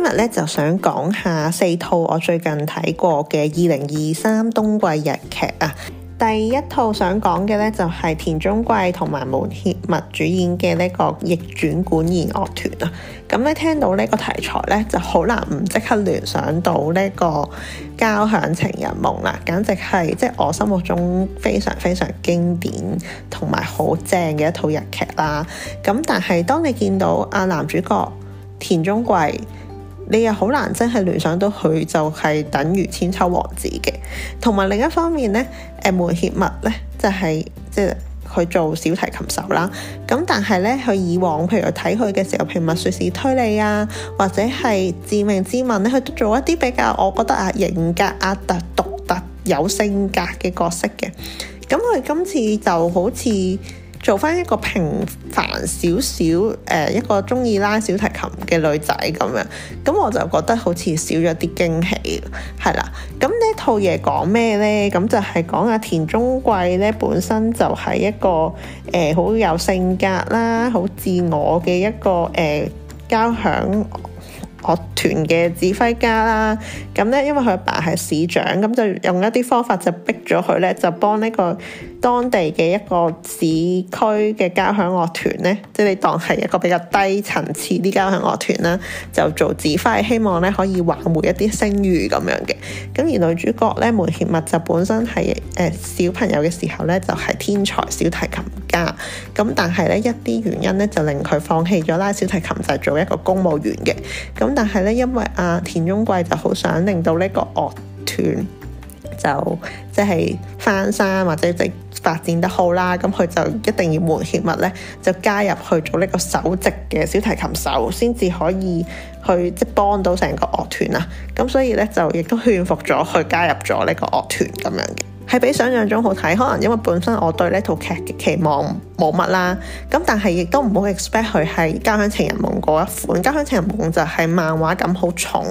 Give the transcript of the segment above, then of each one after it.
今日咧就想講下四套我最近睇過嘅二零二三冬季日劇啊。第一套想講嘅咧就係田中圭同埋門脇麥主演嘅呢個逆轉管弦樂團啊。咁、嗯、咧聽到呢個題材咧就好難唔即刻聯想到呢個交響情人夢啦，簡直係即係我心目中非常非常經典同埋好正嘅一套日劇啦。咁、嗯、但係當你見到阿、啊、男主角田中圭。你又好難真係聯想到佢就係等於千秋王子嘅，同埋另一方面咧，誒門脇麥咧就係即係佢做小提琴手啦。咁但係咧，佢以往譬如睇佢嘅時候，譬如《勿說是推理》啊，或者係《致命之吻》咧，佢都做一啲比較我覺得啊，型格啊特，獨特，獨特有性格嘅角色嘅。咁佢今次就好似，做翻一個平凡少少誒一個中意拉小提琴嘅女仔咁樣，咁我就覺得好似少咗啲驚喜，係啦。咁呢套嘢講咩呢？咁就係講阿田中貴咧本身就係一個誒好、呃、有性格啦、好自我嘅一個誒、呃、交響樂團嘅指揮家啦。咁咧因為佢阿爸係市長，咁就用一啲方法就逼咗佢咧，就幫呢、這個。當地嘅一個市區嘅交響樂團咧，即係你當係一個比較低層次啲交響樂團啦，就做指揮，希望咧可以挽回一啲聲譽咁樣嘅。咁而女主角咧，門脇麥就本身係誒、呃、小朋友嘅時候咧，就係、是、天才小提琴家。咁但係咧一啲原因咧就令佢放棄咗拉小提琴，就係做一個公務員嘅。咁但係咧因為阿、啊、田中圭就好想令到呢個樂團。就即係、就是、翻山或者即發展得好啦，咁佢就一定要門脇麥咧，就加入去做呢個首席嘅小提琴手，先至可以去即係幫到成個樂團啊。咁所以咧就亦都勸服咗佢加入咗呢個樂團咁樣嘅。係比想象中好睇，可能因為本身我對呢套劇嘅期望冇乜啦。咁但係亦都唔好 expect 佢係《交響情人夢》嗰一款，《交響情人夢》就係漫畫感好重、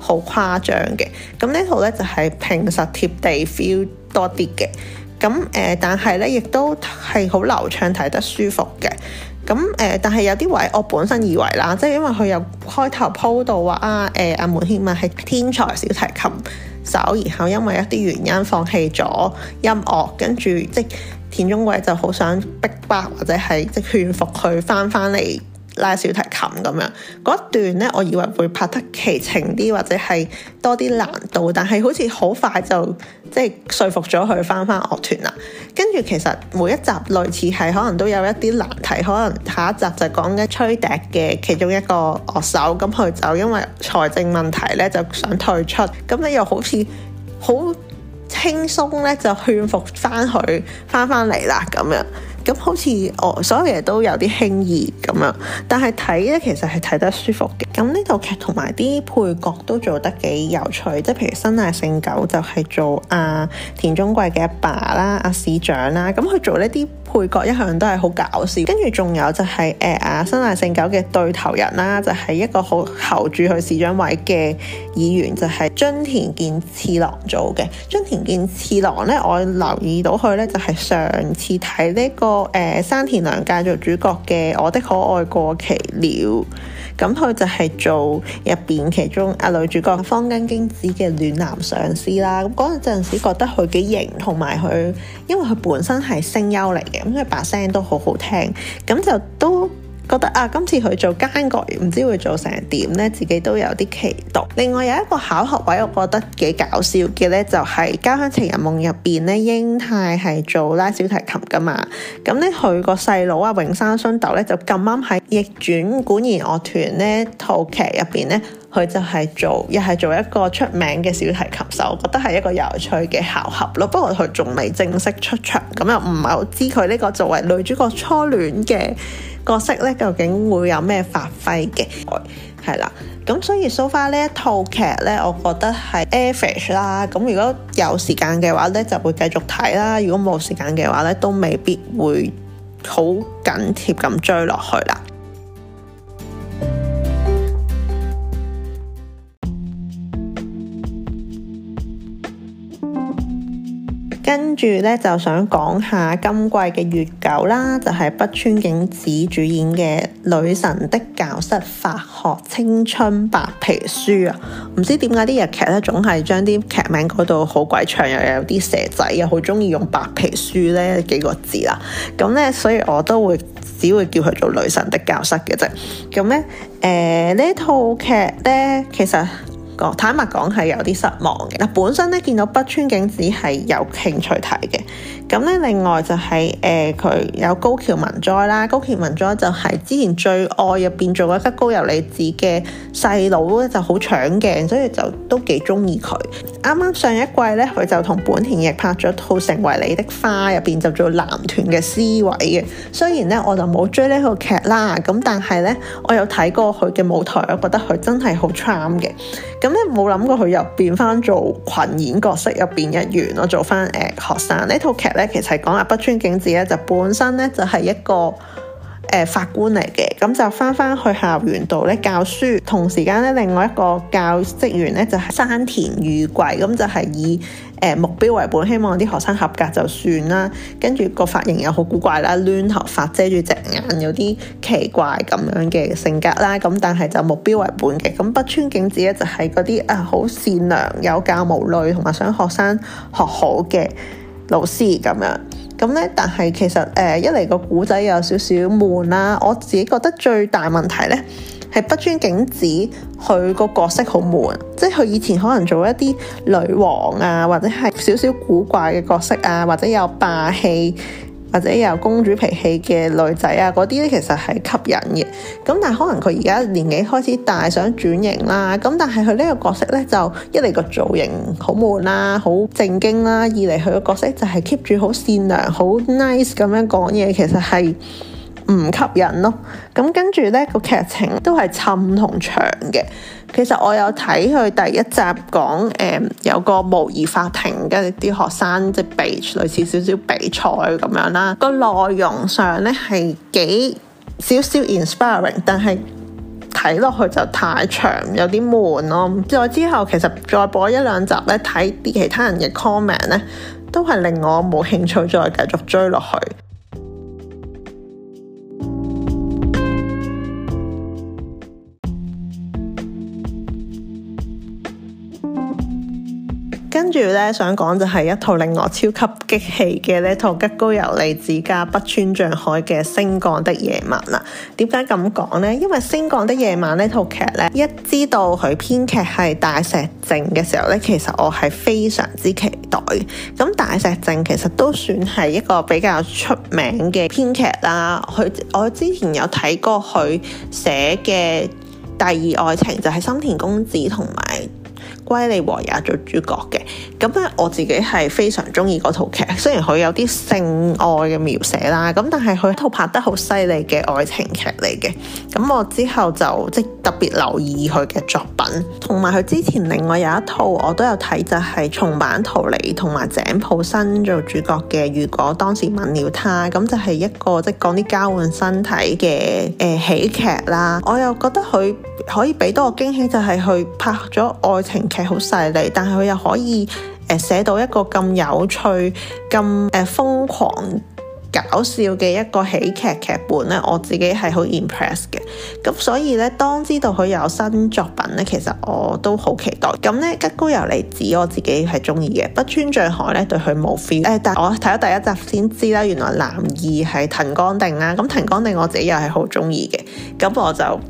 好誇張嘅。咁呢套咧就係平實貼地 feel 多啲嘅。咁誒、呃，但係咧亦都係好流暢睇得舒服嘅。咁誒、呃，但係有啲位我本身以為啦，即係因為佢有開頭鋪到話啊誒，阿門天文係天才小提琴。然後因為一啲原因放棄咗音樂，跟住即田中貴就好想逼迫或者係即勸服佢翻返嚟。拉小提琴咁樣嗰一段咧，我以為會拍得奇情啲或者係多啲難度，但係好似好快就即係、就是、說服咗佢翻翻樂團啦。跟住其實每一集類似係可能都有一啲難題，可能下一集就講緊吹笛嘅其中一個樂手，咁佢就因為財政問題咧就想退出，咁你又好似好輕鬆咧就勸服翻佢翻翻嚟啦咁樣。咁好似我、哦、所有嘢都有啲輕易咁樣，但係睇咧其實係睇得舒服嘅。咁呢套劇同埋啲配角都做得幾有趣，即係譬如生瀬勝久就係做阿、啊、田中圭嘅阿爸啦、啊，阿、啊、市長啦、啊。咁佢做呢啲配角一向都係好搞笑。跟住仲有就係誒啊生瀬勝久嘅對頭人啦、啊，就係、是、一個好候住去市長位嘅議員，就係、是、津田健次郎做嘅。津田健次郎咧，我留意到佢咧就係、是、上次睇呢、這個。誒、呃，山田涼介做主角嘅《我的可愛過期了》，咁佢就係做入邊其中啊女主角芳根京子嘅暖男上司啦。咁嗰陣時覺得佢幾型，同埋佢因為佢本身係聲優嚟嘅，咁佢把聲都好好聽，咁就都。覺得啊，今次佢做奸角唔知會做成點呢，自己都有啲期待。另外有一個巧合位，我覺得幾搞笑嘅呢，就係、是《交響情人夢》入邊呢，瑛太係做拉小提琴噶嘛，咁、嗯、呢，佢個細佬啊，永山絢斗呢，就咁啱喺逆轉管弦樂團呢套劇入邊呢，佢就係做又係做一個出名嘅小提琴手，我覺得係一個有趣嘅巧合咯。不過佢仲未正式出場，咁又唔係好知佢呢個作為女主角初戀嘅角色咧，究竟會有咩發揮嘅係啦，咁所以 so far 呢一套劇咧，我覺得係 average 啦。咁如果有時間嘅話咧，就會繼續睇啦；如果冇時間嘅話咧，都未必會好緊貼咁追落去啦。跟住咧，就想講下今季嘅月九啦，就係、是、北川景子主演嘅《女神的教室》法學青春白皮書啊！唔知點解啲日劇咧，總係將啲劇名嗰度好鬼長，又有啲蛇仔，又好中意用白皮書咧幾個字啦。咁、嗯、咧，所以我都會只會叫佢做《女神的教室》嘅啫。咁、嗯、咧，誒、嗯、呢套劇咧，其實。坦白講係有啲失望嘅。嗱，本身咧，見到北川景子係有興趣睇嘅，咁咧，另外就係誒佢有高橋文哉啦，高橋文哉就係之前最愛入邊做嗰吉高由里子嘅細佬咧，就好搶鏡嘅，所以就都幾中意佢。啱啱上一季咧，佢就同本田翼拍咗套《成為你的花》，入邊就做男團嘅 C 位嘅。雖然咧我就冇追呢套劇啦，咁但係咧，我有睇過佢嘅舞台，我覺得佢真係好 charm 嘅。咁咧冇諗過佢又變翻做群演角色入面一員咯，做翻、呃、學生。呢套劇咧其實係講下北川景子咧，就本身咧就係、是、一個。誒、呃、法官嚟嘅，咁、嗯、就翻翻去校園度咧教書，同時間咧另外一個教職員咧就係、是、山田裕貴，咁、嗯、就係、是、以誒、呃、目標為本，希望啲學生合格就算啦。跟住個髮型又好古怪啦，亂頭髮遮住隻眼，有啲奇怪咁樣嘅性格啦。咁、嗯、但係就目標為本嘅。咁、嗯、北川景子咧就係嗰啲啊好善良、有教無類，同埋想學生學好嘅老師咁樣。咁咧，但係其實誒、呃，一嚟個古仔有少少悶啦、啊。我自己覺得最大問題咧，係北川景子佢個角色好悶，即係佢以前可能做一啲女王啊，或者係少少古怪嘅角色啊，或者有霸氣。或者有公主脾氣嘅女仔啊，嗰啲咧其實係吸引嘅。咁但係可能佢而家年紀開始大，想轉型啦。咁但係佢呢個角色咧就一嚟個造型好悶啦，好正經啦；二嚟佢個角色就係 keep 住好善良、好 nice 咁樣講嘢，其實係。唔吸引咯，咁跟住呢個劇情都係沉同長嘅。其實我有睇佢第一集講誒、嗯、有個模擬法庭，跟住啲學生即係比類似少少比賽咁樣啦。這個內容上呢係幾少少 inspiring，但係睇落去就太長，有啲悶咯。再之後其實再播一兩集呢，睇啲其他人嘅 comment 呢，都係令我冇興趣再繼續追落去。跟住咧，想講就係一套令我超級激氣嘅呢套吉高由里子加北村匠海嘅《星降的夜晚》啊！點解咁講呢？因為《星降的夜晚》呢套劇咧，一知道佢編劇係大石靜嘅時候咧，其實我係非常之期待嘅。咁大石靜其實都算係一個比較出名嘅編劇啦。佢我之前有睇過佢寫嘅《第二愛情》，就係深田恭子同埋歸利和也做主角嘅，咁咧我自己係非常中意嗰套劇，雖然佢有啲性愛嘅描寫啦，咁但係佢一套拍得好犀利嘅愛情劇嚟嘅，咁我之後就即特別留意佢嘅作品，同埋佢之前另外有一套我都有睇，就係、是、重版逃離同埋井浦新做主角嘅，如果當時吻了他，咁就係一個即講啲交換身體嘅誒、呃、喜劇啦，我又覺得佢可以俾到我驚喜，就係、是、去拍咗愛情劇。係好細膩，但係佢又可以誒寫、呃、到一個咁有趣、咁誒瘋狂搞笑嘅一個喜劇劇本咧，我自己係好 impress 嘅。咁所以咧，當知道佢有新作品咧，其實我都好期待。咁咧，吉高由里子我自己係中意嘅，北川匠海咧對佢冇 feel 誒，但係我睇咗第一集先知啦，原來男二係藤岡定啦。咁藤岡定我自己又係好中意嘅，咁我就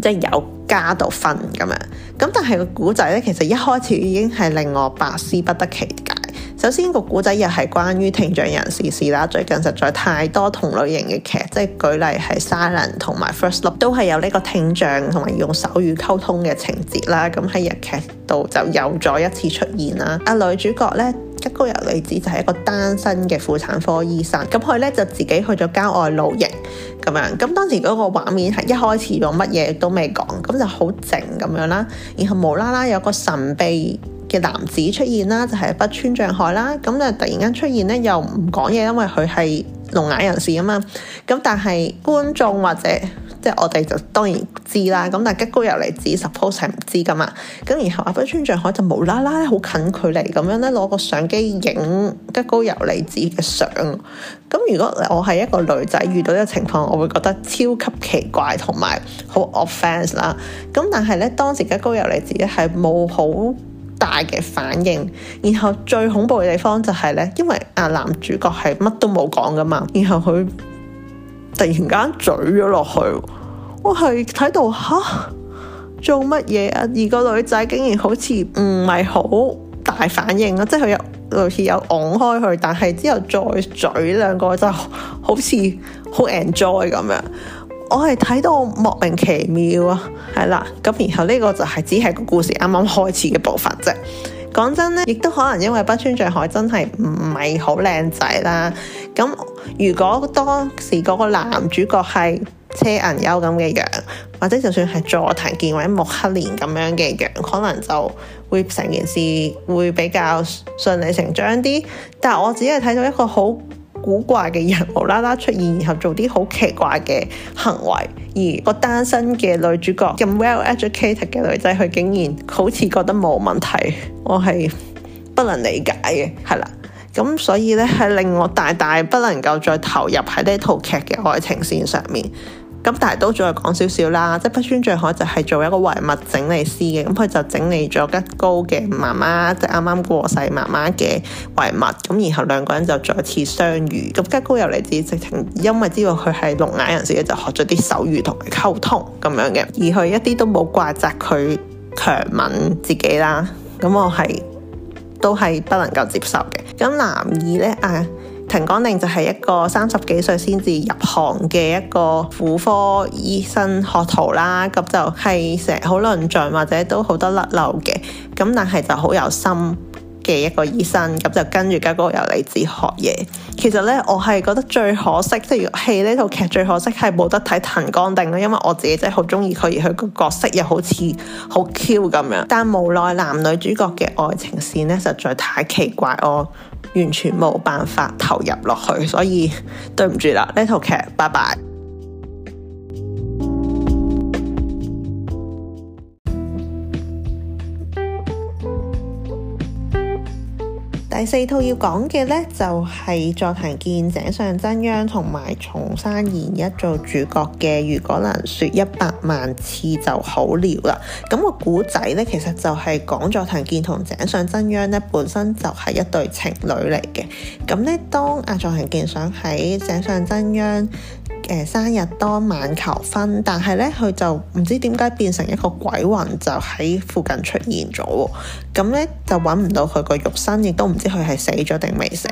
即係、就是、有加到分咁樣。咁但係個古仔咧，其實一開始已經係令我百思不得其解。首先個古仔又係關於聽障人士事啦，最近實在太多同類型嘅劇，即係舉例係《Silent》同埋《First Love》，都係有呢個聽障同埋用手語溝通嘅情節啦。咁喺日劇度就有咗一次出現啦。阿女主角呢，吉高由里子就係一個單身嘅婦產科醫生，咁佢呢，就自己去咗郊外露營咁樣。咁當時嗰個畫面係一開始冇乜嘢都未講，咁就好靜咁樣啦。然後無啦啦有個神秘嘅男子出現啦，就係北村匠海啦。咁就突然間出現咧，又唔講嘢，因為佢係聾啞人士啊嘛。咁但係觀眾或者即係我哋就當然知啦。咁但係吉高由里子 suppose 係唔知噶嘛。咁然後阿北村匠海就無啦啦，好近距離咁樣咧攞個相機影吉高由里子嘅相。咁如果我係一個女仔遇到呢個情況，我會覺得超級奇怪同埋好 offense 啦。咁但係咧，當時吉高由里子係冇好大嘅反應，然後最恐怖嘅地方就係咧，因為啊男主角係乜都冇講㗎嘛，然後佢突然間嘴咗落去，我係睇到嚇，做乜嘢啊？而個女仔竟然好似唔係好大反應啦，即係佢有類似有昂開佢，但係之後再嘴兩個就好似好 enjoy 咁樣。我係睇到莫名其妙啊，係啦，咁然後呢個就係只係個故事啱啱開始嘅部分啫。講真咧，亦都可能因為北村匠海真係唔係好靚仔啦。咁如果當時嗰個男主角係車銀優咁嘅樣，或者就算係佐藤健或目黑蓮咁樣嘅樣，可能就會成件事會比較順理成章啲。但係我只係睇到一個好。古怪嘅人無啦啦出現，然後做啲好奇怪嘅行為，而個單身嘅女主角咁 well educated 嘅女仔，佢竟然好似覺得冇問題，我係不能理解嘅。係啦，咁所以咧，係令我大大不能夠再投入喺呢套劇嘅愛情線上面。咁但係都再講少少啦，即係北村匠海就係做一個遺物整理師嘅，咁佢就整理咗吉高嘅媽媽，即係啱啱過世的媽媽嘅遺物，咁然後兩個人就再次相遇，咁吉高又嚟自直情，因為知道佢係聾啞人士咧，就學咗啲手語同佢溝通咁樣嘅，而佢一啲都冇怪責佢強吻自己啦，咁我係都係不能夠接受嘅，咁男二咧啊。哎滕光定就係一個三十幾歲先至入行嘅一個婦科醫生學徒啦，咁就係成日好論盡或者都好多甩漏嘅，咁但係就好有心嘅一個醫生，咁就跟住吉高由里子學嘢。其實咧，我係覺得最可惜，即係戲呢套劇最可惜係冇得睇滕光定咯，因為我自己真係好中意佢，而佢個角色又好似好 Q 咁樣，但無奈男女主角嘅愛情線咧實在太奇怪哦。完全冇辦法投入落去，所以對唔住喇，呢套劇，拜拜。第四套要講嘅呢，就係、是、佐藤健、井上真央同埋松山研一做主角嘅。如果能說一百萬次就好了啦。咁、那個古仔呢，其實就係講佐藤健同井上真央呢，本身就係一對情侶嚟嘅。咁呢，當阿佐藤健想喺井上真央生日當晚求婚，但係咧佢就唔知點解變成一個鬼魂，就喺附近出現咗喎。咁咧就揾唔到佢個肉身，亦都唔知佢係死咗定未死。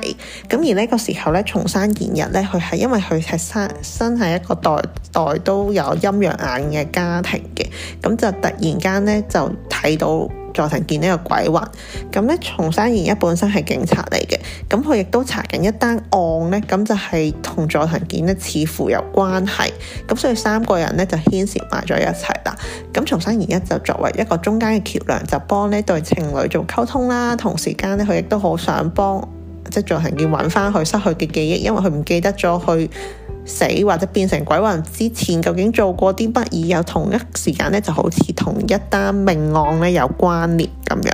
咁而呢個時候咧，重生現日咧，佢係因為佢係生生喺一個代代都有陰陽眼嘅家庭嘅，咁就突然間咧就睇到。佐藤健呢個鬼魂，咁咧松山賢一本身係警察嚟嘅，咁佢亦都查緊一單案咧，咁就係同佐藤健呢似乎有關係，咁所以三個人咧就牽涉埋咗一齊啦。咁松山賢一就作為一個中間嘅橋樑，就幫呢對情侶做溝通啦，同時間咧佢亦都好想幫即係佐藤健揾翻佢失去嘅記憶，因為佢唔記得咗去。死或者變成鬼魂之前，究竟做過啲乜嘢？又同一時間咧，就好似同一單命案咧有關聯咁樣。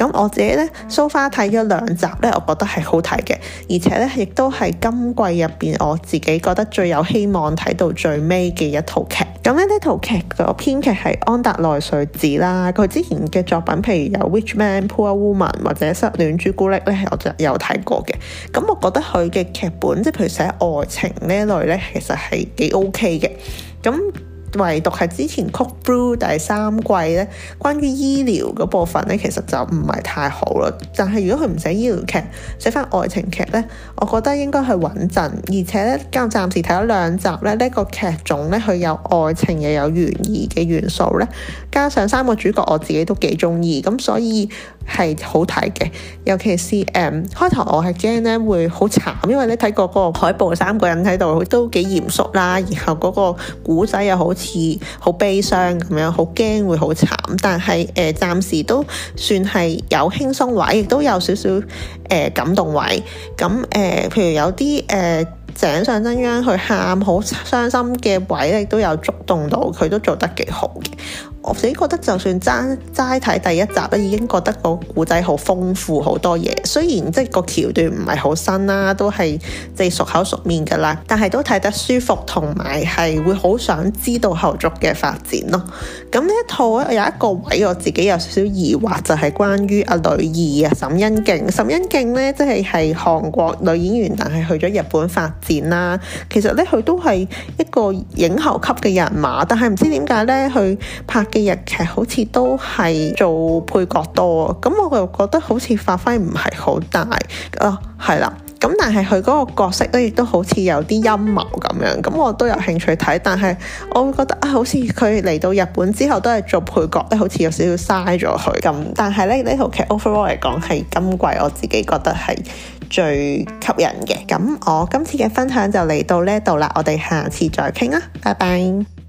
咁我自己咧，蘇花睇咗兩集咧，我覺得係好睇嘅，而且咧亦都係今季入邊我自己覺得最有希望睇到最尾嘅一套劇。咁呢呢套劇個編劇係安達奈緒子啦，佢之前嘅作品，譬如有《Witch Man Poor Woman》或者《失戀朱古力》咧，我就有睇過嘅。咁我覺得佢嘅劇本，即係譬如寫愛情呢類咧，其實係幾 OK 嘅。咁唯獨係之前《Code Blue》第三季咧，關於醫療嗰部分咧，其實就唔係太好啦。但係如果佢唔寫醫療劇，寫翻愛情劇咧，我覺得應該係穩陣。而且咧，咁暫時睇咗兩集咧，呢個劇種咧，佢有愛情又有懸疑嘅元素咧，加上三個主角我自己都幾中意，咁所以。係好睇嘅，尤其是誒、呃、開頭我係驚咧會好慘，因為咧睇過嗰個海報三個人喺度都幾嚴肅啦，然後嗰個故仔又好似好悲傷咁樣，好驚會好慘。但係誒、呃、暫時都算係有輕鬆位，亦都有少少誒、呃、感動位。咁誒、呃，譬如有啲誒、呃、井上真央佢喊好傷心嘅位咧，亦都有觸動到，佢都做得幾好嘅。我自己覺得就算齋齋睇第一集咧，已經覺得個古仔好豐富，好多嘢。雖然即係個橋段唔係好新啦，都係即係熟口熟面㗎啦，但係都睇得舒服，同埋係會好想知道後續嘅發展咯。咁呢一套咧，有一個位我自己有少少疑惑，就係關於阿女二啊，沈恩敬。沈恩敬咧，即係係韓國女演員，但係去咗日本發展啦。其實咧，佢都係一個影后級嘅人馬，但係唔知點解咧，佢拍嘅日劇好似都係做配角多，咁我又覺得好似發揮唔係好大啊，係啦。咁但係佢嗰個角色咧，亦都好似有啲陰謀咁樣，咁我都有興趣睇。但係我會覺得啊，好似佢嚟到日本之後都係做配角咧，好似有少少嘥咗佢。咁但係咧，呢套劇 overall 嚟講係今季我自己覺得係最吸引嘅。咁我今次嘅分享就嚟到呢度啦，我哋下次再傾啦，拜拜。